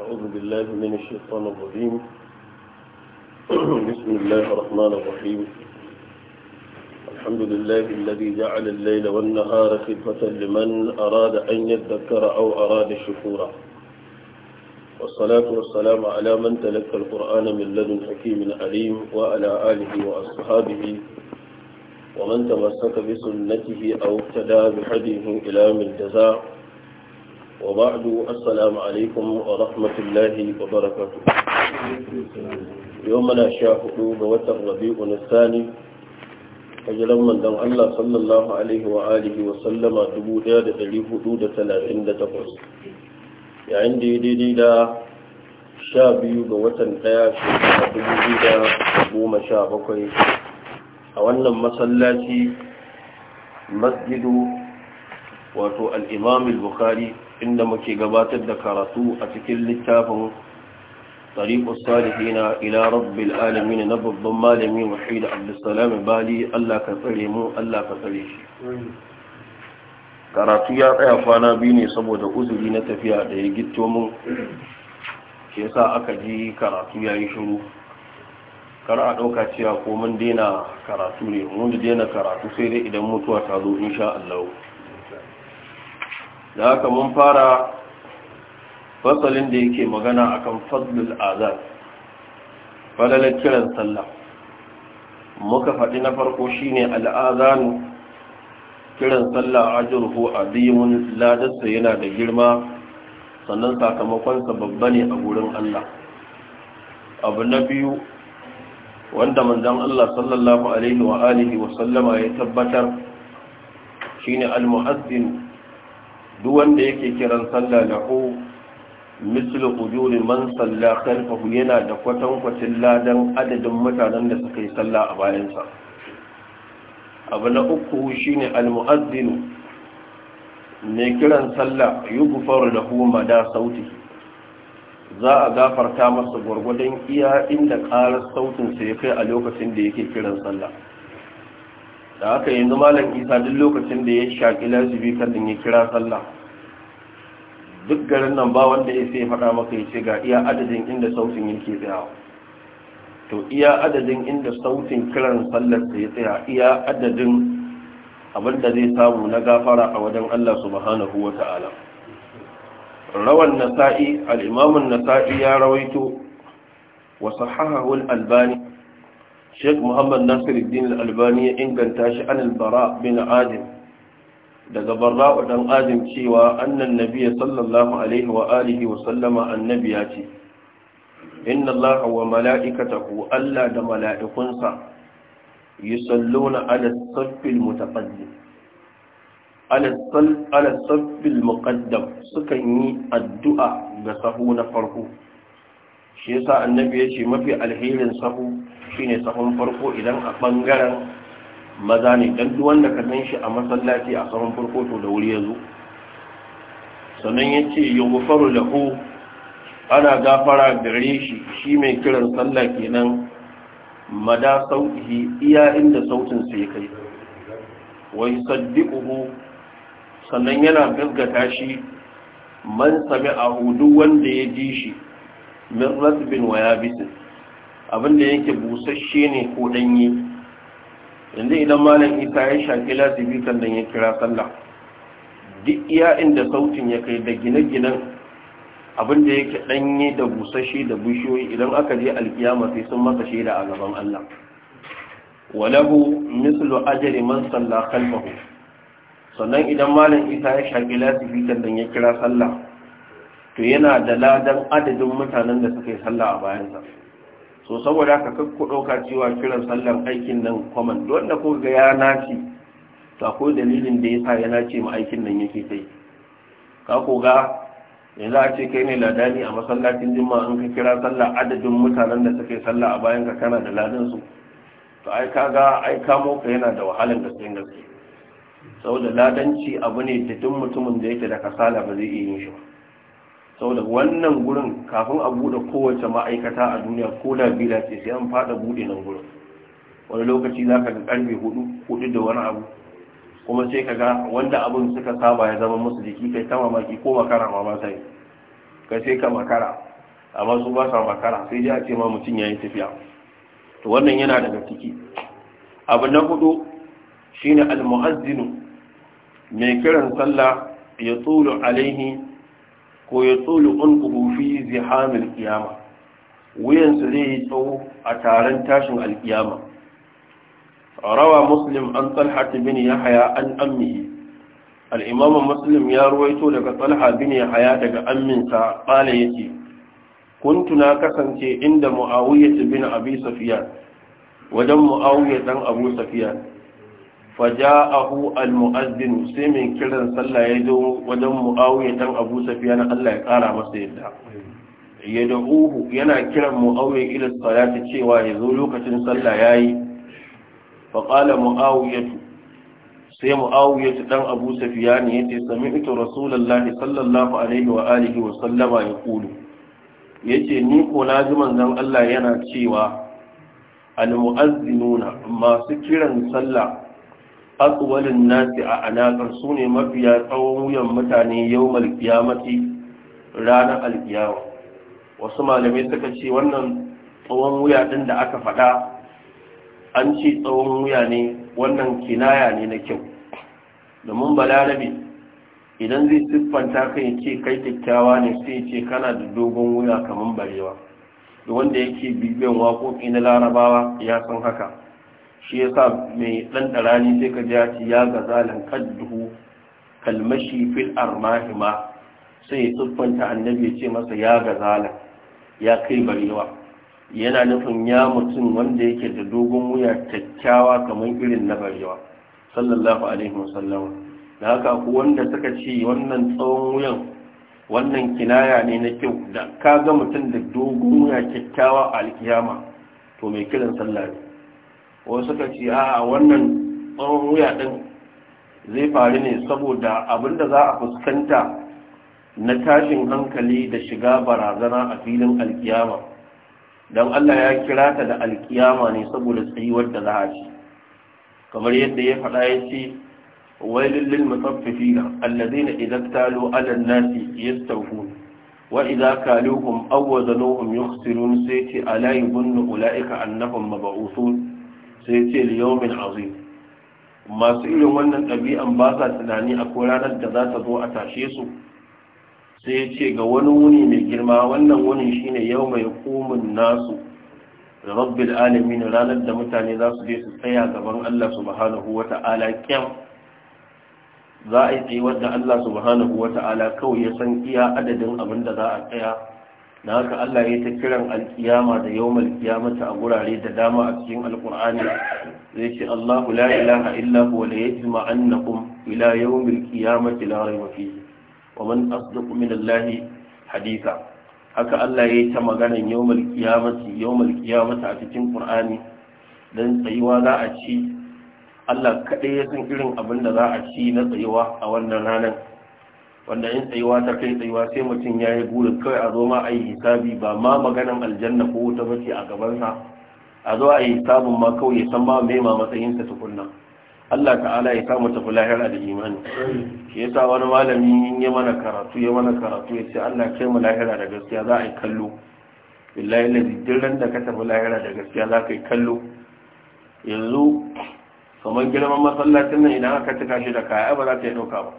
أعوذ بالله من الشيطان الرجيم بسم الله الرحمن الرحيم الحمد لله الذي جعل الليل والنهار خلفة لمن أراد أن يذكر أو أراد شكورا والصلاة والسلام على من تلك القرآن من لدن حكيم عليم وعلى آله وأصحابه ومن تمسك بسنته أو اقتدى بحديه إلى من جزاء وبعد السلام عليكم ورحمة الله وبركاته يومنا شاهد بوتر ربيع الثاني فجلو من دم الله صلى الله عليه وآله وسلم تبودا دقليه دودة ثلاثين دتقص يعني دي دي دي دا شابي بوتن قياش تبودا دا بوم شابكي أولا مسلاتي مسجد wato al'imam al-bukhari inda muke gabatar da karatu a cikin littafin tariqus na ila rabbil alamin na babban malami da abdussalam bali Allah ka tsare mu Allah ka tsare shi karatu ya tsaya kwana biyu ne saboda uzuri na tafiya da ya gitto mun ke sa aka ji karatu ya yi shiru kar a ɗauka cewa ko mun daina karatu ne mun daina karatu sai dai idan mutuwa ta zo insha Allah da haka mun fara fasalin da yake magana a akan fadlul azan falalar kiran sallah muka faɗi na farko shine al'azanu kiran sallah ajruhu azimun ladarsa yana da girma sannan sakamakonsa babba ne a wurin Allah abu na biyu wanda manzon Allah sallallahu alaihi wa wa sallama ya tabbatar shine al-mu'azzin duk wanda yake kiran sallah lahu mislu ujuri man salla khalfahu yana da kwatankwacin ladan adadin mutanen da suka yi sallah a bayansa abu na uku shine almu'azzinu ne kiran sallah da kuma da sauti za a gafarta masa gwargwadon iya inda karar sautinsa ya kai a lokacin da yake kiran sallah da yi yanzu malam isa duk lokacin da ya shaƙi lasibi kallon ya kira sallah duk garin nan ba wanda ya sai faɗa maka ya ce ga iya adadin inda sautin yake tsayawa to iya adadin inda sautin kiran sallar da ya tsaya iya adadin abinda zai samu na gafara a wajen Allah subhanahu wa ta'ala rawan nasa'i al-imamun nasa'i ya rawaito wa sahahahu al-albani Sheik Muhammad Nasiruddin Al-Albani ya inganta shi an bara bin Adim daga Barra'u dan Adim cewa annan nabiyya sallallahu alaihi wa alihi wa sallama annabi ya ce inna Allah wa mala'ikatahu Allah da mala'ikunsa yusalluna ala saffil mutaqaddim ala saffil muqaddam sukan yi addu'a ga sahu na farko shi yasa annabi ya ce mafi alherin sahu ne sahun farko idan a bangaren maza ne don duwan da ka shi a masallaci a sahun farko to da wuri ya zo sannan ya ce yace da ku ana gafara gare shi shi mai kiran sallah kenan mada sauki iya inda sautin sai kai wai ku sannan yana gaggata shi man sami a hudu wanda ya ji shi min rasbin wa yabisin abin da yake busasshe ne ko danye yanzu idan malam isa ya shafi lasibi sannan ya kira sallah duk iya inda sautin ya kai da gine-ginen abin da yake danye da busasshe da bushiyoyi idan aka je alkiyama sai sun masa shaida a gaban Allah walahu mislu ajri man salla khalfahu sannan idan malam isa ya shafi lasifi sannan ya kira sallah to yana da ladan adadin mutanen da suka yi sallah a bayansa so saboda ka kakko ɗauka cewa kiran sallar aikin nan kwaman wanda ko ga ya naci to akwai dalilin da ya sa ya nace ma aikin nan yake kai ka ko ga za a ce kai ne ladani a masallacin jima'a in ka kira sallah adadin mutanen da suka yi sallah a bayan ka kana da ladan su to ai ka ga ai kamo ka yana da wahalan gaske gaske saboda ladanci abu ne da duk mutumin da yake da kasala ba zai iya yin shi ba saboda wannan gurin kafin a buɗe kowace ma'aikata a duniya ko da bila ce sai an fada buɗe nan gurin wani lokaci za ka ga ƙarfe hudu hudu da wani abu kuma sai ka ga wanda abin suka saba ya zama musu jiki kai ta mamaki ko makara ma ba sai ka sai ka makara amma su ba sa makara sai dai a ce ma mutum ya yi tafiya to wannan yana daga ciki abu na hudu shine al-mu'azzinu mai kiran sallah ya tsulu alaihi ko ya tsolo ulkuhu fi zihamil kiyama wuyansa zai yi tsawo a taron tashin alkiyama rawa muslim an talha bin haya an ammihi al muslim ya ruwaito daga tsalha bin haya daga amminsa qala ya ce. Kuntuna kasance inda muawiyah bin abi sufyan wajen muawiyah ɗan abu sufyan faja'ahu al-mu'azzin sai mai kiran sallah ya zo wajen muawiya dan abu safiya na Allah ya kara masa yadda ya yana kiran muawiya ila salati cewa ya zo lokacin sallah yayi fa qala muawiya sai muawiya dan abu safiya ne yace sami'tu rasulullahi sallallahu alaihi wa alihi wa sallama yaqulu yace ni ko na ji manzon Allah yana cewa al-mu'azzinuna masu kiran sallah atwalin nasi a anakar su ne mafiya tsawon wuyan mutane yau malkiyamati ranar alkiyawa wasu malamai suka ce wannan tsawon wuya ɗin da aka faɗa an ce tsawon wuya ne wannan kinaya ne na kyau domin balarabe idan zai siffanta kai ce kai kyakkyawa ne sai ce kana da dogon wuya kamar barewa da wanda yake bibiyan waƙoƙi na larabawa ya san haka shi ya sa mai ɗanɗarani sai ka ji ya ci ya ga zalin kaddu kalmashi fil armahima sai tsuffanta annabi ce masa ya ga zalin ya kai barewa yana nufin ya mutum wanda yake da dogon wuya kyakkyawa kamar irin na barewa sallallahu alaihi wasallam da haka ku wanda suka ce wannan tsawon wuyan wannan kinaya ne na kyau da ka ga mutum da dogon wuya kyakkyawa a alkiyama to mai kiran sallah wasu suka ce a wannan tsawon wuya ɗin, zai faru ne saboda abin da za a fuskanta na tashin hankali da shiga barazana a filin alkiyama don Allah ya kira ta da alkiyama ne saboda tsayuwar da za a ci kamar yadda ya faɗa ya ce wailin ga mutaffifina na idan talo ala nasi yastawfun wa idza kaluhum aw wazanuhum yukhsirun sai ce ala yubunnu ulaika annahum mab'uthun sai ce liyaumin azim masu irin wannan ɗabi'an ba sa tunani a ranar da za ta zo a tashe su sai ce ga wani wuni mai girma wannan wuni shine yau mai kumin nasu da rabbil alamin ranar da mutane za su je su tsaya gaban Allah subhanahu wata'ala kyam za a yi tsayuwar da Allah subhanahu wata'ala kawai ya san iya adadin abin da za a tsaya na haka Allah ya ta kiran alkiyama da yawmal kiyamata a gurare da dama a cikin alkur'ani zai ce Allahu la ilaha illa huwa la yajma annakum ila yawmil qiyamati la rayba fihi wa man asdaqu min Allah haditha haka Allah ya ta maganan yawmal qiyamati yawmal qiyamata a cikin qur'ani dan tsayuwa za a ci Allah kaɗai ya san irin abin da za a ci na tsayuwa a wannan ranar wanda in tsayuwa ta kai tsayuwa sai mutum ya yi burin kawai a zo ma a yi hisabi ba ma maganan aljanna ko wuta mace a gabansa a zo a yi hisabin ma kawai ya san ma mai ma matsayinsa tukunna Allah ta'ala ya samu tafi lahira da imani shi yasa wani malami ya mana karatu ya mana karatu ya ce Allah kai mu lahira da gaskiya za a yi kallo billahi lazi duk da ka tafi lahira da gaskiya za ka yi kallo yanzu kamar girman masallacin nan idan aka cika shi da kaya ba za ta yi ɗauka ba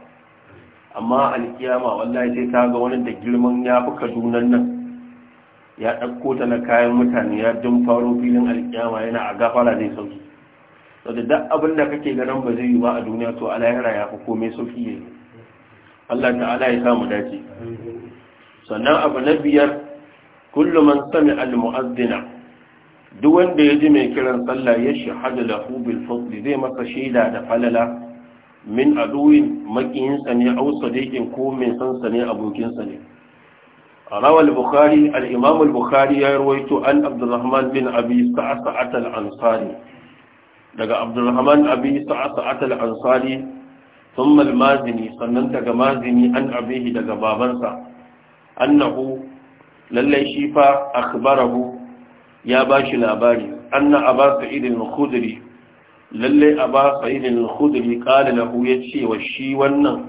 amma alkiyama wallahi sai ka ga wani da girman ya fi kadunan nan ya ɗauko ta na kayan mutane ya dun faro filin alkiyama yana a gafara zai sauki da duk abin da kake ganin ba zai yi ba a duniya to alahira ya fi komai sauki ne Allah ta'ala ya samu dace sannan abu na biyar kullu man sami al-mu'azzina duk wanda ya ji mai kiran sallah ya shahada lahu bil fadl zai masa shaida da falala min aduwin makiyinsa ne a wasadikin ko mai sansa ne abokinsa ne a rawar bukari al’imamul Bukhari ya ruwaito an abdurrahman bin abi sa’asa atal ansari daga abdurrahman abi sa’asa atal ansari sun mazini sannan daga mazini an abihi daga babansa annahu lallai shi fa akbarahu ya ba shi labari anna abasa idin khudri lalle a ba sa'idin na hu ya ce wa shi wannan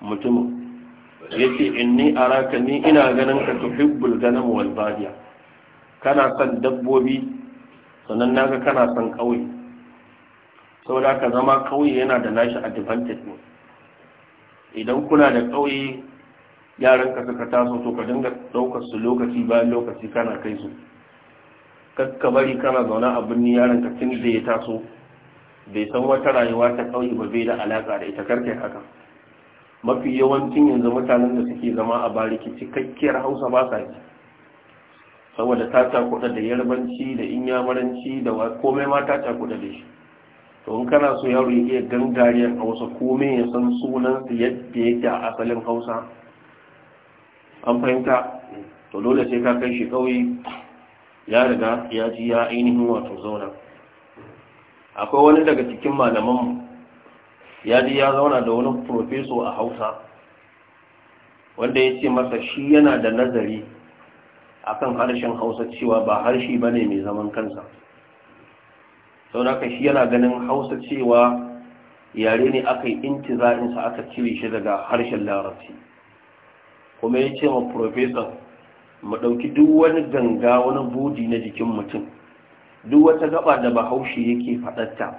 mutumin yace inni in ni ina ganin ka tuhibbul ganam wal kana san dabbobi sannan naga kana san Sau da ka zama kawai yana da nashi advantage ne idan kuna da kauye yaran ka suka taso to ka dinga daukar su lokaci bayan lokaci kana kai su kakka bari kana zaune a birni yaran ka tun da ya taso bai san wata rayuwa ta ƙauye ba bai da alaka da ita karkai haka mafi yawancin yanzu mutanen da suke zama a bariki cikakkiyar hausa ba sa ji saboda ta cakuɗa da yarbanci da inyamuranci da komai ma ta cakuɗa da shi to in kana so yaro ya iya gangariyar hausa komai ya san sunan su yadda yake a asalin hausa an fahimta to dole sai ka kai shi ƙauye ya riga ya ji ya ainihin wato zauna akwai wani daga cikin malamanmu ya ji ya zauna da wani profeso a hausa wanda ya ce masa shi yana da nazari akan harshen hausa cewa ba harshe ba ne mai zaman kansa sau da shi yana ganin hausa cewa yare ne aka yi intiza'insa aka cire shi daga harshen larabci kuma ya ce ma profesan mu ɗauki duk wani ganga wani budi na jikin mutum duk wata gaba da bahaushe yake faɗata,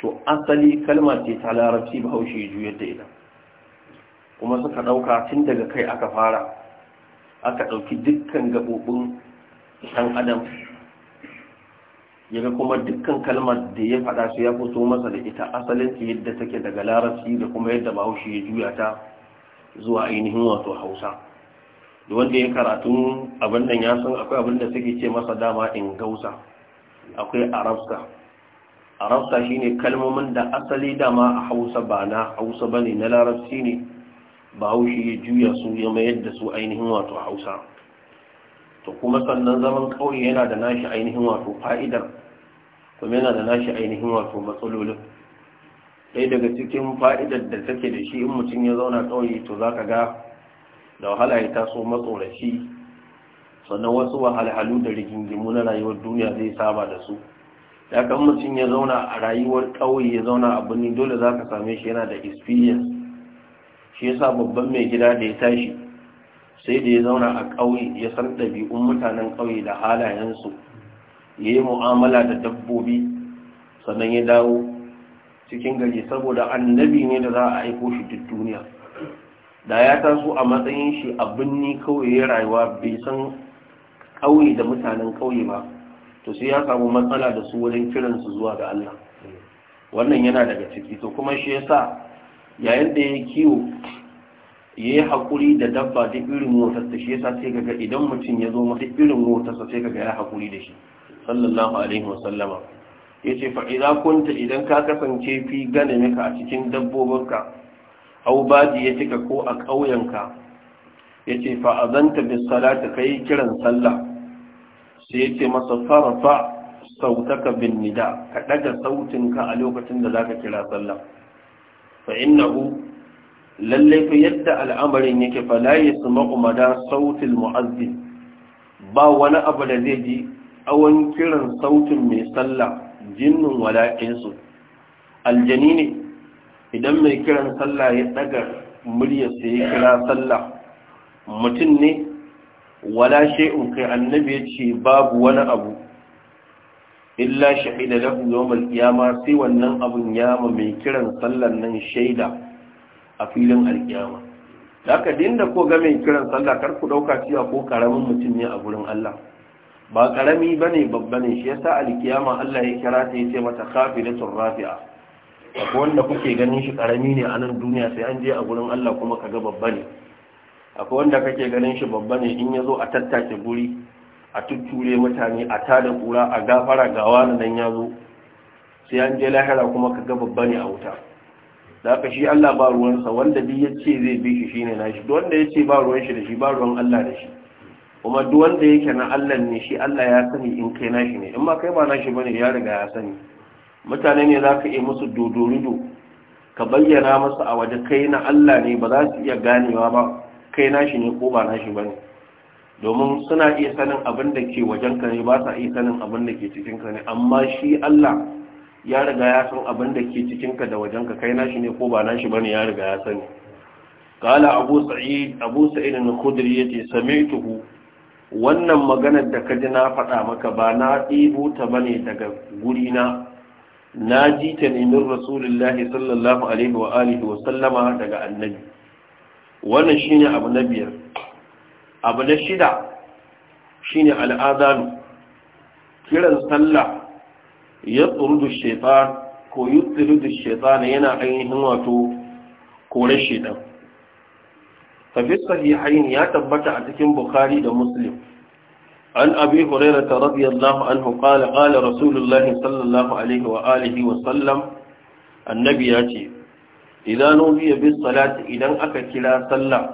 to asali kalmar ce ta larabci bahaushe ya juyar da ita kuma suka ɗauka tun daga kai aka fara aka ɗauki dukkan gabobin ɗan adam yaga kuma dukkan kalmar da ya faɗa su ya fito masa da ita asalin ta yadda take daga larabci da kuma yadda bahaushe ya juya ta zuwa ainihin wato hausa da wanda ya karatun abin nan ya san akwai abin da suke ce masa dama in gausa akwai arabsa arabsa shine kalmomin da asali dama a hausa ba na hausa bane na larabci ne Ba haushi ya juya su ya mayar da su ainihin wato hausa to kuma sannan zaman kauye yana da nashi ainihin wato fa'idar kuma yana da nashi ainihin wato matsalolin ɗaya daga cikin fa'idar da take da shi in mutum ya zauna kauye to za ka ga da wahala ya taso matsorashi sannan wasu wahalhalu da rigingimu na rayuwar duniya zai saba da su Ya kan mutum ya zauna a rayuwar ƙauye ya zauna a birni dole za ka same shi yana da experience shi yasa babban mai gida da ya tashi sai da ya zauna a ƙauye ya san ɗabi'un mutanen ƙauye da halayensu ya yi mu'amala da dabbobi sannan ya dawo cikin gari saboda annabi ne da za a aiko shi duk duniya da ya taso a matsayin shi a birni kawai ya rayuwa bai san ƙauye da mutanen ƙauye ba to sai ya samu matsala da su wurin kiransu zuwa ga Allah wannan yana daga ciki to kuma shi yasa yayin da ya kiwo ya yi haƙuri da dabba duk irin motarsa shi yasa sai ga idan mutum ya zo mata irin motarsa sai ga ya haƙuri da shi sallallahu alaihi wa sallama yace ce idza kunta idan ka kasance fi maka a cikin dabbobinka au badi ya cika ko a ƙauyenka yace fa azanta bis ka yi kiran sallah sai yace masa farfa sautaka bin nida ka ɗaga sautinka a lokacin da zaka kira sallah fa innahu lalle fa yadda al'amarin yake fa la yasma'u mada sautin mu'azzin ba wani abu da zai ji awon kiran sautin mai sallah jinin walainsu aljani ne idan mai kiran sallah ya murya muryarsa ya kira sallah mutum ne wala shay'un kai annabi ya ce babu wani abu illa shahida lahu yawmal qiyama sai wannan abun ya ma mai kiran sallan nan shaida a filin alkiyama haka dinda ko ga mai kiran sallah kar ku dauka cewa ko karamin mutum ne a gurin Allah ba karami bane babba ne shi yasa alkiyama Allah ya kira ta yace mata khafilatur rafi'a akwai wanda kuke ganin shi karami ne a nan duniya sai an je a gurin Allah kuma kaga babba ne akwai wanda kake ganin shi babba ne in ya zo a tattake guri a tutture mutane a tada kura a gafara ga wani nan ya zo sai an je lahira kuma ka ga babba ne a wuta da haka shi Allah ba ruwansa wanda bi ya ce zai bi shi shine nashi duk wanda ya ce ba ruwan shi da shi ba ruwan Allah da shi kuma duk wanda yake na Allah ne shi Allah ya sani in kai nashi ne in ma kai ba nashi bane ya riga ya sani mutane ne za ka yi musu dodorido ka bayyana masa a waje kai na Allah ne ba za su iya ganewa ba kai nashi ne ko ba nashi ba ne domin suna iya sanin abin da ke wajen ka ne ba sa iya sanin abin da ke cikin ka ne amma shi Allah ya riga ya san abin da ke cikin ka da wajen ka kai nashi ne ko ba nashi ba ne ya riga ya sani Kala abu sa'id abu sa'id al-khudri yace sami'tuhu wannan maganar da kaji na faɗa maka ba na ɗibo ta bane daga guri na na ji ta ne min rasulullahi sallallahu alaihi wa alihi wa sallama daga annabi wannan shi ne abu na biyar abu na shida shi ne al'adanu kiran sallah ya tsurudu shaitan ko yi tsurudu shaitan yana ainihin wato kore shaitan tafi sahihain ya tabbata a cikin bukhari da muslim an abi hurairah radiyallahu anhu qala qala rasulullahi sallallahu alaihi wa alihi wa sallam annabi ya ce idan nudiya bi salati idan aka kira sallah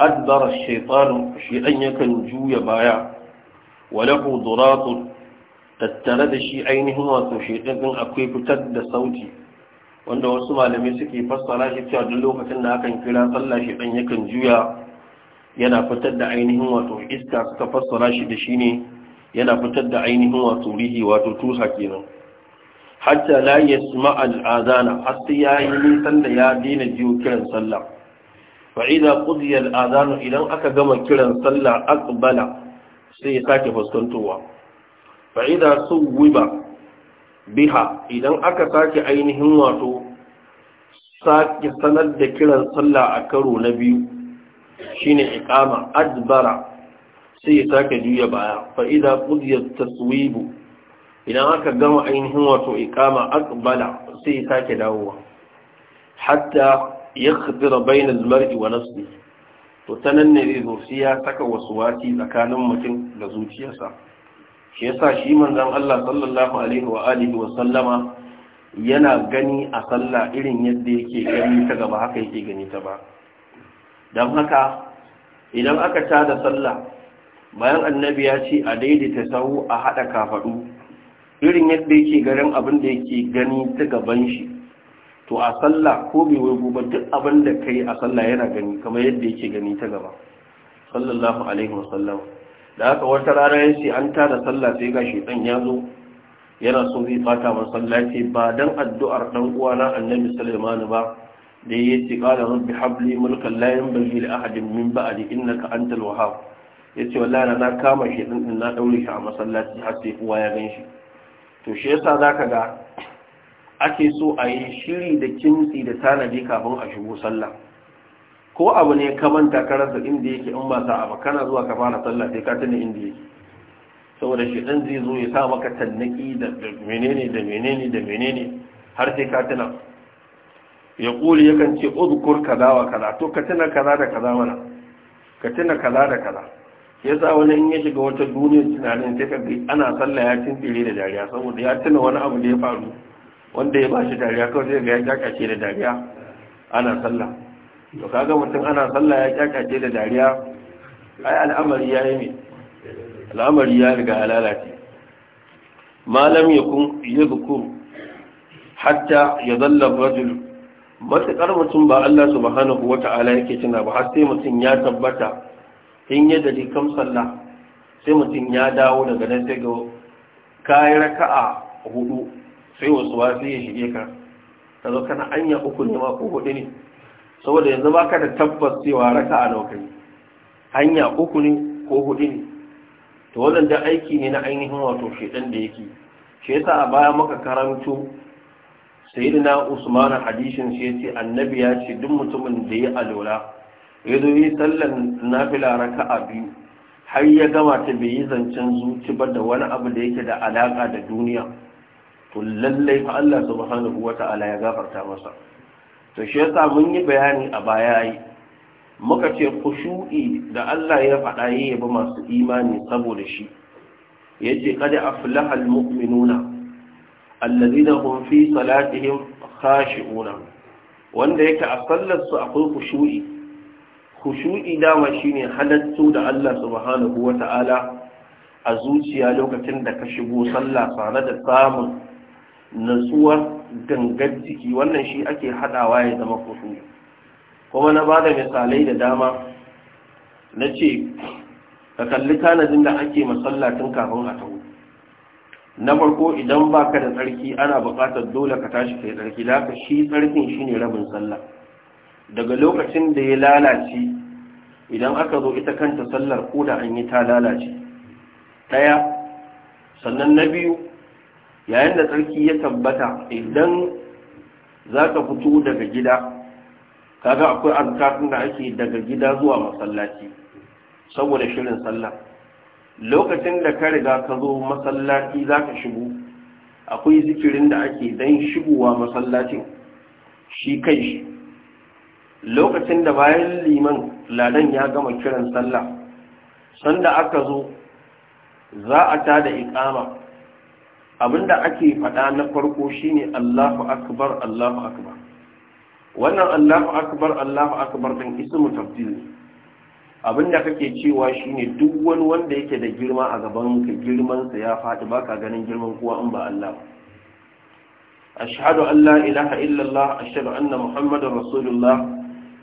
adbar shaytan shaytan yakan juya baya walahu duratun tattare da shi ainihin wato shaytan din akwai fitar da sauti wanda wasu malamai suke fassara shi cewa duk lokacin da akan kira sallah shaytan yakan juya yana fitar da ainihin wato iska suka fassara shi da shine yana fitar da ainihin wato rihi wato tusa kenan hatta la yasma al-azana hatta yayi nisan da ya daina jiyo kiran sallah fa a qudiya azanu idan aka gama kiran sallah aqbala sai ya sake fuskantowa fa idza suwiba biha idan aka sake ainihin wato sake sanar da kiran sallah a karo na biyu shine iqama adbara sai ya sake juya baya fa idza taswibu idan aka gama ainihin wato ikama aqbala sai ya sake dawowa hatta ya bayna al-mar'i wa nafsihi to sanan ne zai zo sai ya saka wasu wati tsakanin mutum da zuciyarsa shi yasa shi manzan Allah sallallahu alaihi wa alihi wa sallama yana gani a sallah irin yadda yake gani ta gaba haka yake gani ta ba don haka idan aka tada sallah bayan annabi ya ce a daidaita sahu a haɗa kafaɗu irin yadda yake garin abin da yake gani ta gaban shi to a sallah ko bai wai guba duk abin da kai a sallah yana gani kamar yadda yake gani ta gaba sallallahu alaihi wasallam da haka wata rana ya ce an tada sallah sai ga ɗan ya zo yana so zai fata masallaci. tsalla ce ba don addu'ar ɗan uwana annabi sulaiman ba da ya ce qala rabbi habli mulkan layan yanbaghi li ahadin min ba'di innaka ya ce wa wallahi na kama shedan ɗin na ɗaure shi a masallaci har sai uwa ya gan shi to shi yasa zaka ga ake so a yi shiri da kimtsi da tanadi kafin a shigo sallah ko abu ne ka manta karanta inda yake in ba sa'a ba kana zuwa ka fara sallah sai ka tuna inda yake saboda shi dan zai zo ya sa maka tannaki da menene da menene da menene har sai ka tuna ya kuli yakan ce uzkur kaza wa kaza to ka tuna kaza da kaza mana ka tuna kaza da kaza ya sa wani in ya shiga wata duniyar tunanin sai ka ana sallah ya tsire da dariya saboda ya tuna wani abu da ya faru wanda ya bashi dariya kawai sai ga ya kyakace da dariya ana sallah to kaga mutum ana sallah ya kyakace da dariya ai al'amari ya yi mai. al'amari ya riga lalace malam yakun yadhkur hatta ya zalla rajul matakar mutum ba Allah subhanahu wata'ala yake tuna ba har sai mutum ya tabbata in yi da kam sallah sai mutum ya dawo daga nan sai ga kayi raka'a hudu sai wasu wasu ya shige ka ka zo kana anya uku ne ma ko hudu ne saboda yanzu ba ka da tabbas cewa raka'a nawa kai hanya uku ne ko hudu ne to wannan aiki ne na ainihin wato shedan da yake shi yasa a baya maka karanto sayyidina usman hadisin shi yace annabi ya ce duk mutumin da ya alola ya zo yi sallan nafila a biyu har ya gama ta bai yi zancen zuci ba da wani abu da yake da alaƙa da duniya to lallai fa Allah subhanahu wata'ala ya gafarta masa to shi yasa mun yi bayani a baya yi muka ce kushu'i da Allah ya faɗa yi ya ba masu imani saboda shi yace qad aflaha almu'minuna alladhina hum fi salatihim khashi'una wanda yake a sallar su akwai khushu'i khushu'i dama shine halattu da Allah subhanahu wata'ala a zuciya lokacin da ka shigo sallah tare da samun nutsuwar gangar jiki wannan shi ake hadawa ya zama khushu'i kuma na bada misalai da dama na ce ka kalli tanadin da ake masallatin kafin a taho na farko idan baka da tsarki ana bukatar dole ka tashi kai tsarki da ka shi tsarkin shine rabin sallah daga lokacin da ya lalace idan aka zo ita kanta sallar ko da an yi ta lalace ɗaya sannan na biyu yayin da tsarki ya tabbata idan za ka fito daga gida kaga akwai azkatun da ake daga gida zuwa masallaci saboda shirin sallah lokacin da ka riga ka zo masallaci za ka shigo akwai zikirin da ake don shigowa masallacin shi kai shi lokacin da bayan liman ladan ya gama kiran sallah sanda aka zo za a ta da ikama abinda ake faɗa na farko shine Allahu akbar Allahu akbar wannan Allahu akbar Allahu akbar din ismu tafdil abinda kake cewa shine duk wani wanda yake da girma a gaban ka girman sa ya faɗi baka ganin girman kowa in ba Allah ba ashhadu an la ilaha illallah ashhadu anna muhammadar rasulullah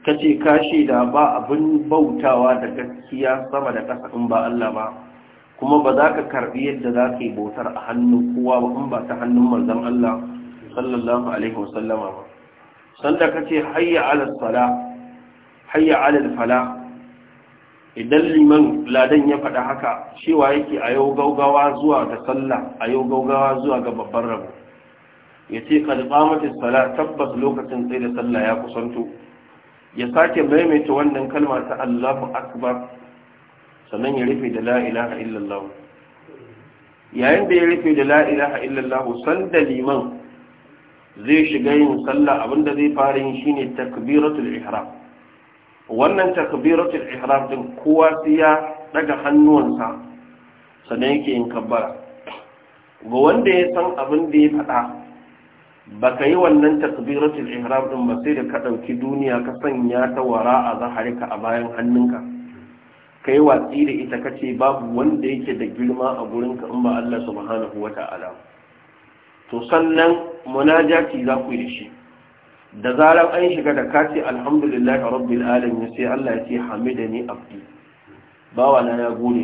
Ka ce kashi da ba abin bautawa da gaskiya sama da ƙasa in ba Allah ba kuma ba za ka karbi yadda za ka yi bautar a hannun kowa ba in ba ta hannun manzon Allah sallallahu alaihi wasallama ba sanda ka ce hayya ala sala hayya ala fala idan liman ladan ya faɗa haka cewa yake a yau gaugawa zuwa ga sallah a yau gaugawa zuwa ga babban rabo ya ce kalbamatin sala tabbas lokacin sai da sallah ya kusanto ya sake maimaita wannan kalma ta Allahu akbar sannan ya rufe da la ilaha illallah yayin da ya rufe da la ilaha illallah sanda liman zai shiga yin sallah abinda zai fara yin shine takbiratul ihram wannan takbiratul ihram din kowa sai ya daga hannuwansa sannan yake yin kabbara ga wanda ya san abin da ya faɗa baka yi wannan takbiratul ihram din ba sai da ka dauki duniya ka sanya ta wara a zaharika a bayan hannunka kai watsi da ita kace babu wanda yake da girma a gurinka in ba Allah subhanahu wata'ala to sannan munajati za ku yi da shi da zaran an shiga da kace alhamdulillahi rabbil alamin sai Allah ya ce hamidani abdi bawa ya gode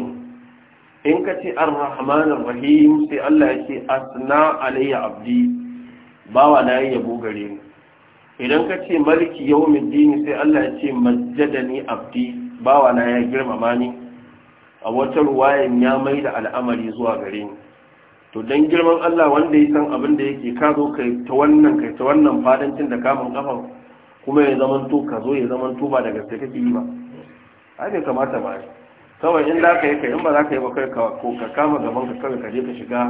in kace arrahmanir rahim sai Allah ya ce asna alayya abdi bawa na yabo gare mu idan ka ce maliki min dini sai Allah ya ce ni abdi bawa na ya girmama ni a wata ruwayan ya mai da al'amari zuwa gare ni to dan girman Allah wanda ya san abin da yake ka zo kai ta wannan kai ta wannan fadancin da kamun kafa kuma ya zaman to ka zo ya zaman to ba da gaske kake yi ba ai bai kamata ba kawai in za ka yi kai in ba za ka yi ba kai ka kama gaban ka kawai ka je ka shiga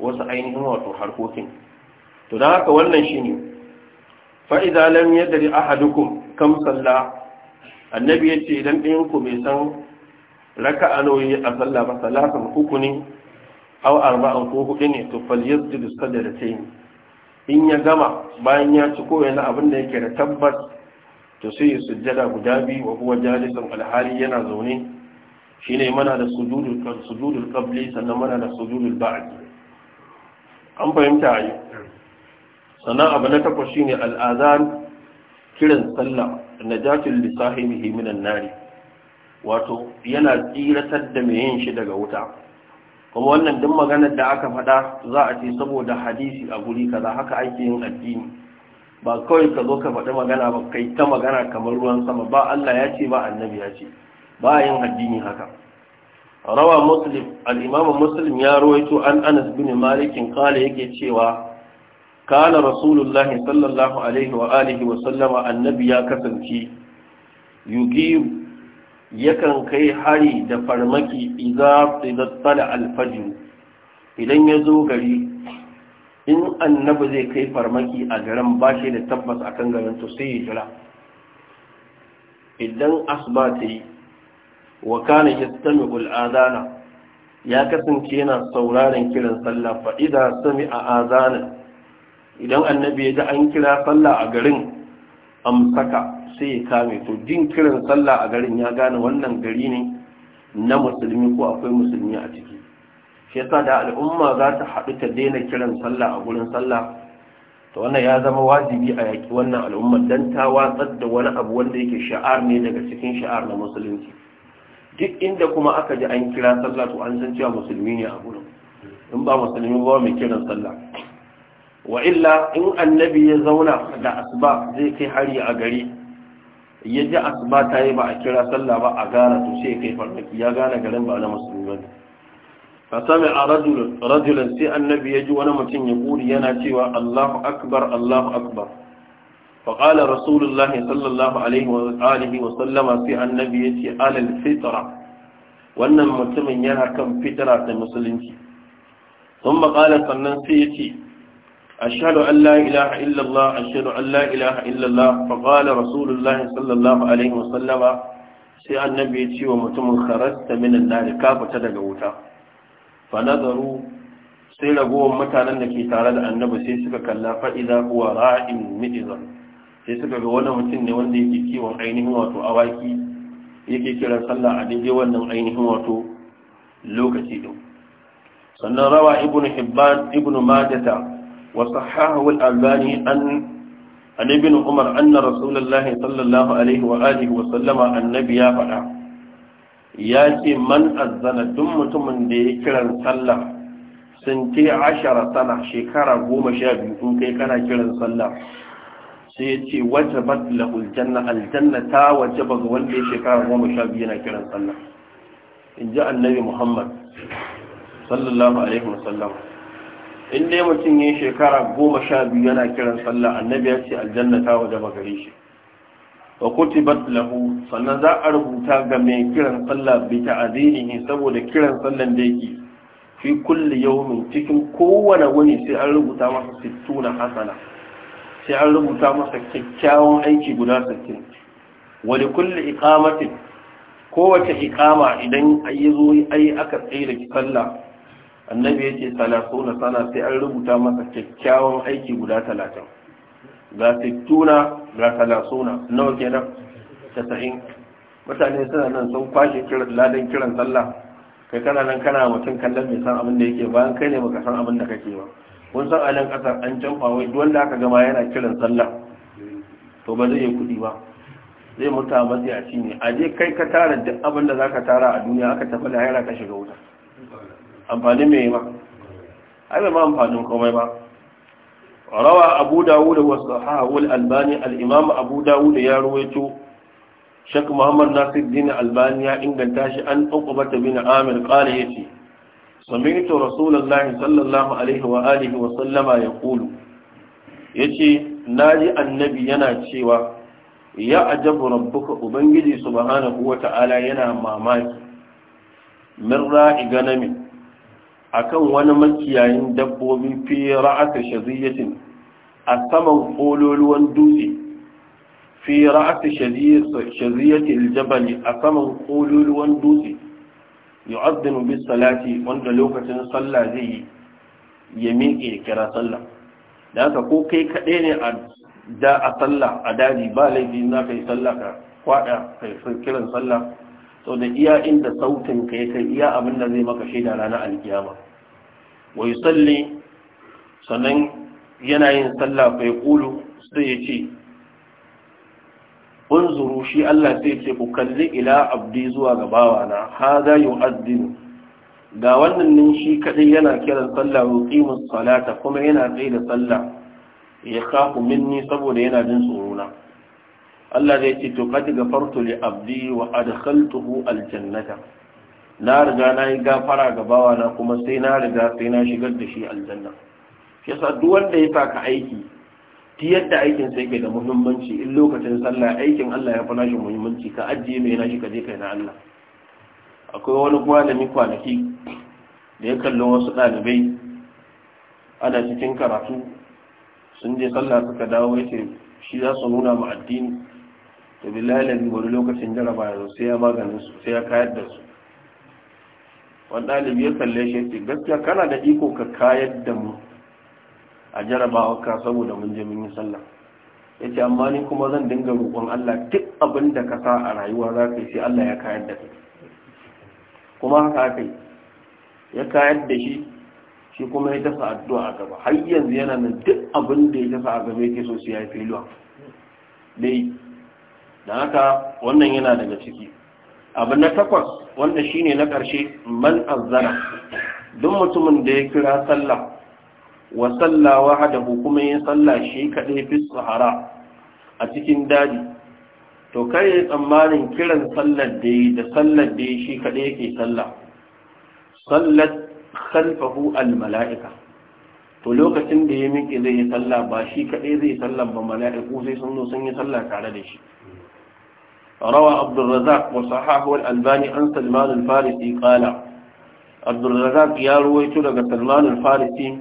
wasu ainihin wato harkokin to don haka wannan shi ne fa'iza yadda da ahadukum kam salla annabi ya ce idan ɗayinku bai san raka a a salla ba salatan uku ne au arba'an ko hudu ne to falyar jidu sadda da ta yi in ya gama bayan ya ci na abin da yake da tabbas to sai su sujjada guda biyu wa huwa jalisan alhali yana zaune ne mana da sujudul sujudul sannan mana da sujudul ba'd an fahimta ayi sannan abu na takwas ne al'azan kiran sallah najatul li sahibihi muhimminan nari wato yana tsiratar da mai yin shi daga wuta kuma wannan duk maganar da aka faɗa za a ce saboda hadisi a guri kaza haka ake yin addini ba kawai ka zo ka faɗi magana ba kai ta magana kamar ruwan sama ba Allah ya ce ba annabi ya ce ba yin addini haka rawa muslim al-imamu muslim ya rawaito an Anas bin Malik kale yake cewa kana rasulullahi sallallahu alaihi wa annabi ya kasance yugiyu yakan kai hari da farmaki idza tala alfajr idan ya zo gari in annabi zai kai farmaki a garin bashi da tabbas akan garin to sai ya jira idan asuba ta yi wa kana yastami'ul ul'adana, ya kasance yana sauraron kiran sallah fa idza a adana idan annabi ya ji an kira sallah a garin amsaka sai ya kame to jin kiran sallah a garin ya gane wannan gari ne na musulmi ko akwai musulmi a ciki shi yasa da al'umma za ta haɗu ta daina kiran sallah a gurin sallah to wannan ya zama wajibi a yaƙi wannan al'umma dan ta watsar da wani abu wanda yake sha'ar ne daga cikin sha'ar na musulunci duk inda kuma aka ji an kira sallah to an san cewa musulmi ne a gurin in ba musulmi ba mai kiran sallah wa illa in annabi ya zauna da asuba zai kai hari a gari ya ji asuba ta yi ba a kira sallah ba a gane to sai kai farmaki ya gane garin ba na musulmi ba ne fasami a rajulan sai annabi ya ji wani mutum ya kuri yana cewa allahu akbar allahu akbar faƙala rasulullah sallallahu alaihi wa sallama sai annabi ya ce alal fitra wannan mutumin yana kan fitara ta musulunci sun maƙala sannan sai ya ce أشهد أن لا إله إلا الله أشهد أن لا إله إلا الله فقال رسول الله صلى الله عليه وسلم سي النبي تي ومتم خرجت من النار كافة دقوتا فنظروا sai ragowar mutanen da ke tare da annabi sai suka kalla fa'iza kuwa ra'in mi'izar sai suka ga wani mutum ne wanda yake kiwon ainihin wato awaki yake kiran sallah a daidai wannan ainihin wato lokaci sannan rawa ibn hibban ibn وصححه الألباني أن عن ابن عمر أن رسول الله صلى الله عليه وآله وسلم النبي فلا ياتي من أذن دم تمن دي كرن صلى سنتي عشرة سنة شكرا قوم شابي إن كي كان كرن صلى سيتي وجبت له الجنة الجنة تا وجبت ولي شكرا قوم شابي كرن صلى إن جاء النبي محمد صلى الله عليه وسلم in dai mutum ya shekara goma sha biyu yana kiran sallah annabi ya ce aljanna ta waje gare shi wa ba lahu sannan za a rubuta ga mai kiran sallah bi ta'dinihi saboda kiran sallan da yake fi kulli yawmin cikin kowane wani sai an rubuta masa sittuna hasana sai an rubuta masa kyakkyawan aiki guda sittin wa li kulli iqamatin kowace iqama idan ayi zo ai aka tsira sallah annabi ya ce salaso na sana sai an rubuta masa kyakkyawan aiki guda talatin ga tuna ga na nawa kenan tasa'in mutane suna nan sun kwashe ladan kiran sallah kai kana nan kana mutum kallon mai san abin da yake bayan kai ne baka san abin da kake ba kun san a nan kasar an canfa wai duk wanda aka gama yana kiran sallah to ba zai yi kuɗi ba zai mutu a a ne a je kai ka tara duk abin da zaka tara a duniya aka tafi lahira ka shiga wuta amfani mai ba ai ma amfanin komai ba rawa abu dawud wa wasu al-albani al Abu abu dawud ya ruwaito Shak muhammad nasir din albani ya inganta shi an uqbata bin amir qala yace sami'tu rasulullahi sallallahu alaihi wa alihi wa sallama ce na ji annabi yana cewa ya ajabu rabbuka ubangiji subhanahu wata'ala yana mamaki min ra'i ganamin akan wani makiyayin dabbobi fi ra'ata shaziyatin a saman kololuwan dutse fi ra'ata shaziyatin a saman kololuwan dutse yu'addinu bis salati wanda lokacin sallah zai yi ya miƙe kira sallah da haka ko kai kaɗai ne a da a sallah a daji ba laifin za ka yi sallah ka kwaɗa kai kiran sallah sau da iya inda sautin ka ya kai iya abin da zai maka shaida ranar alkiyama wa salli sannan yana yin sallah fa kulu sai ya ce unzuru shi Allah sai ce ku kalli ila abdi zuwa ga bawana hada yu'addin ga wannan nin shi kadai yana kiran sallah yuqimus salata kuma yana kai da sallah ya kafu minni saboda yana jin tsoro na Allah zai ce to qad gafartu li abdi wa adkhaltuhu aljannata na riga na yi gafara ga bawa na kuma sai na riga sai na shigar da shi aljanna shi yasa duk wanda ya saka aiki ti yadda aikin sai yake da muhimmanci in lokacin sallah aikin Allah ya fara shi muhimmanci ka ajiye mai na shi ka je kai na Allah akwai wani kwalami kwanaki da ya kalli wasu ɗalibai ana cikin karatu sun je sallah suka dawo ya shi za su nuna mu addini da billahi wani lokacin jaraba yanzu sai ya maganin su sai ya kayar da su wani ɗalibi ya kalle shi ce gaskiya kana da iko ka kayar da mu a jarabawa ka saboda mun je mun yi sallah ya ce amma ni kuma zan dinga roƙon Allah duk abin da ka sa a rayuwa za ka yi sai Allah ya kayar da kai kuma haka haka yi ya kayar da shi shi kuma ya dasa addu'a a gaba har yanzu yana nan duk abin da ya dasa a gaba yake so sai ya yi filuwa da haka wannan yana daga ciki abu na takwas wanda shine na ƙarshe man azzara duk mutumin da ya kira sallah wa sallawa hada kuma yin sallah shi kaɗe fi sahara a cikin daji to kai yi tsammanin kiran sallar da yi da sallar da yi shi kaɗe yake sallah sallar khalfahu al-mala'ika to lokacin da ya miƙe zai yi sallah ba shi kaɗe zai sallah ba mala'iku sai sun zo sun yi sallah tare da shi روى عبد الرزاق وصححه الألباني عن سلمان الفارسي قال عبد الرزاق يا رويت لك سلمان الفارسي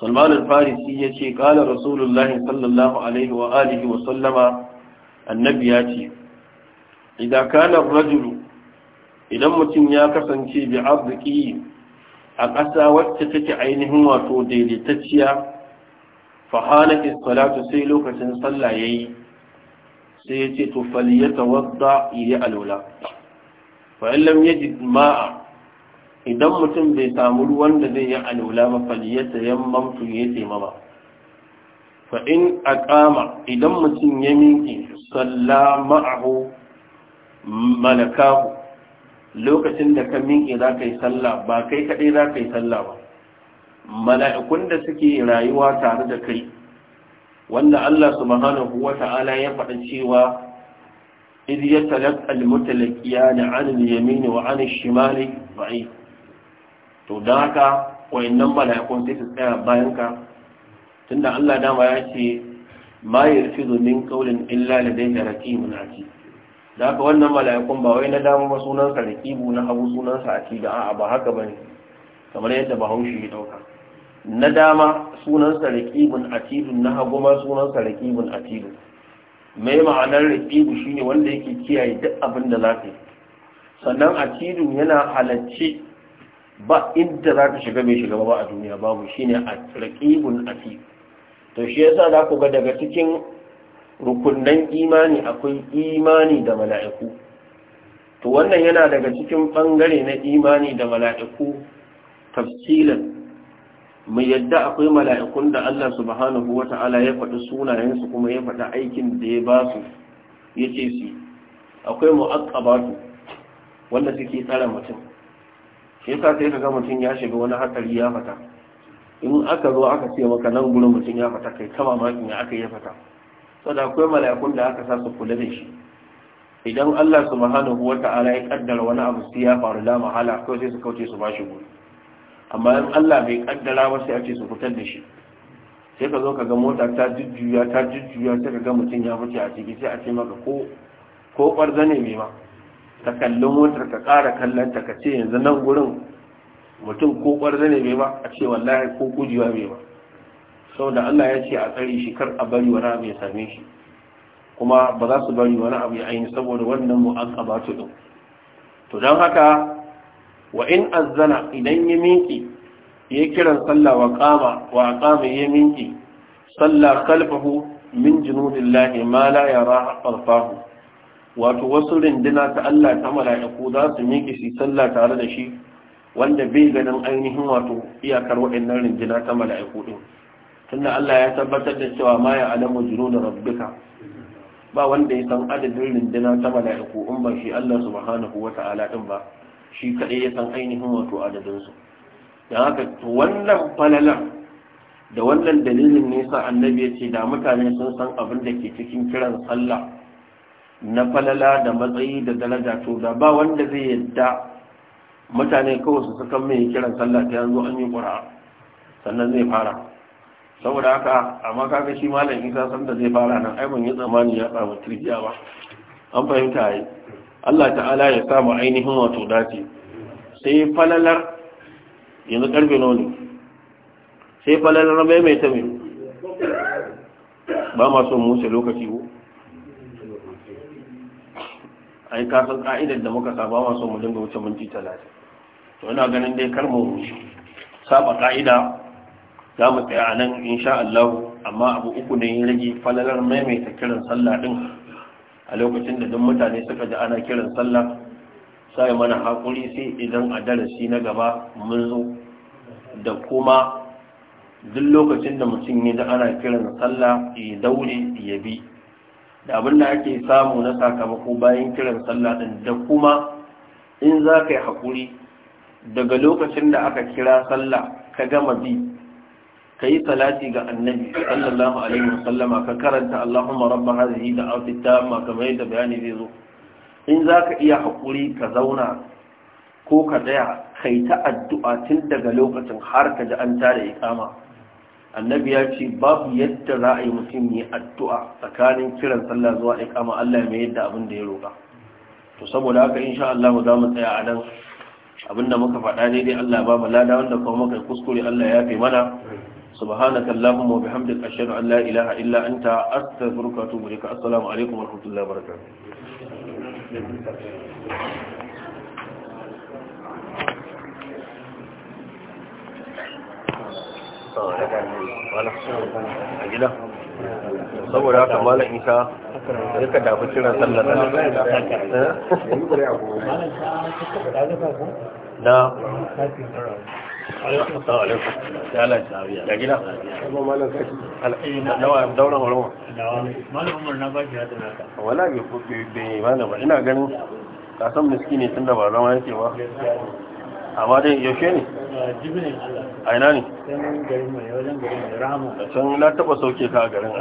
سلمان الفارسي يشي قال رسول الله صلى الله عليه وآله وسلم النبي ياتي إذا كان الرجل إذا متن ياكسن شي بعرضك أقسى واتتك عينه وتودي لتتشيا فحانت الصلاة سيلوكة صلى يي sai ya ce to faliyata wadda yi alwala fa'illam ya ji ma'a idan mutum bai samu ruwan da zai yi alwala ba faliyata yamman su ya tema ba fa'in a kama idan mutum ya minki salla ma'ahu malakahu lokacin da ka minki za ka yi salla ba kai kaɗai za ka yi salla ba mala'ikun da suke rayuwa tare da kai wanda Allah subhanahu waTa'ala ta'ala ya faɗa cewa إذ يتلقى المتلقيان wa اليمين وعن الشمال ضعيف to don haka wayannan mala'ikun sai su tsaya bayanka tunda Allah dama ya ce ma yarfidu min qawlin illa ladayhi raqibun atid da haka wannan mala'ikun ba wai na dama ba sunan sa raqibu na hagu sunan sa da a'a ba haka bane kamar yadda bahaushe ya dauka na dama sunansa rikibun atidun na hagu sunansa rikibun atidun mai ma'anar shi shine wanda yake kiyaye duk abin da ta yi sannan atidun yana halarci ba inda za ka shiga mai shiga ba a duniya babu shine rikibun atid to shi ya sa za ku ga daga cikin rukunnan imani akwai imani da mala'iku to wannan yana daga cikin bangare na imani da mala'iku tafsilin Mai yadda akwai mala'ikun da Allah subhanahu wata'ala ya faɗi sunayensu kuma ya faɗi aikin da ya ba su ya ce su akwai mu'aqqabatu wanda suke tsara mutum shi yasa sai kaga mutum ya shiga wani hatsari ya fata in aka zo aka ce maka nan gudun mutum ya fata kai kama makin ya aka ya fata saboda akwai mala'ikun da aka sa su kula da shi idan Allah subhanahu wata'ala ya ƙaddara wani abu sai ya faru da mahala kawai sai su kauce su ba shi guri amma in Allah bai kaddara ba sai a ce su fitar da shi sai ka zo ka ga mota ta jujjuya ta jujjuya ta ga mutum ya mutu a ciki sai a ce maka ko ko ƙwarza ne mai ma ka kalli motar ka ƙara kallon ta ka ce yanzu nan gurin mutum ko ƙwarza ne mai ma a ce wallahi ko kujewa mai ma saboda Allah ya ce a tsare shi kar a bari wani abu ya same shi kuma ba za su bari wani abu ya aini saboda wannan mu'aqqabatu ɗin. to don haka wa in azzana idan ya minki ya kiran sallah wa qama wa ya minki salla kalfahu min junudillahi ma la yara qalfahu wato wasu rindina ta Allah ta mala'iku za su miki su sallah tare da shi wanda bai ganin ainihin wato iyakar waɗannan rinduna ta mala'iku ɗin. tunda Allah ya tabbatar da cewa ma ya alamu junud rabbika ba wanda ya san adadin rindina ta mala'iku in ba shi Allah subhanahu wata'ala ɗin ba shi kaɗai ya san ainihin wato adadinsu da haka wannan falalar da wannan dalilin nesa annabi ya ce da mutane sun san abin da ke cikin kiran sallah na falala da matsayi da daraja to da ba wanda zai yadda mutane kawai su suka mai kiran sallah ta yanzu an yi ƙura sannan zai fara saboda haka amma kaga shi malam isa sanda zai fara nan ai ban yi tsammani ya samu tirjiya ba an fahimta yi Allah ta'ala ya samu ainihin wato dace sai falalar yanzu karfe noni sai falalar mai mai ta ba masu musa lokaci ko ai san ka'idar da muka saba masu mu dinga wuce minti talatin to ina ganin dai kar mu saba ka'ida za mu tsaya a nan insha Allah amma abu uku ne ya rage falalar maimaita kiran sallah din a lokacin da duk mutane suka ji ana kiran sallah sai mana hakuri sai idan a darasi na gaba mun zo da kuma duk lokacin da mutum ya ji ana kiran sallah ya daure ya bi da abin da ake samu na sakamako bayan kiran sallah din da kuma in za ka yi haƙuri daga lokacin da aka kira sallah ka gama bi ka yi salati ga annabi sallallahu alaihi sallama ka karanta Allahumma rabba hadhihi da afita ma kamar yadda bayani zai zo in zaka iya haƙuri ka zauna ko ka tsaya kai ta addu'a tun daga lokacin har ka ji an tare ikama annabi ya ce babu yadda za a yi mutum yi addu'a tsakanin kiran sallah zuwa ikama Allah mai yadda abin da ya roka to saboda haka insha Allah za mu tsaya a nan abinda muka faɗa ne dai Allah ba mu lada wanda kuma muka kuskure Allah ya fi mana subhanaka allahumma wa bihamdika ashhadu an la ilaha illa anta astaghfiruka wa atubu ilaik assalamu alaikum wa saboda haka malam isa duka ka dafi kiran sallar eh? na wala bai kuɗi bai malam ba ina ganin kasan miski ne tun da ba zama yake ba amma dai yaushe ne a ina ne a can na taɓa sauke ka a garin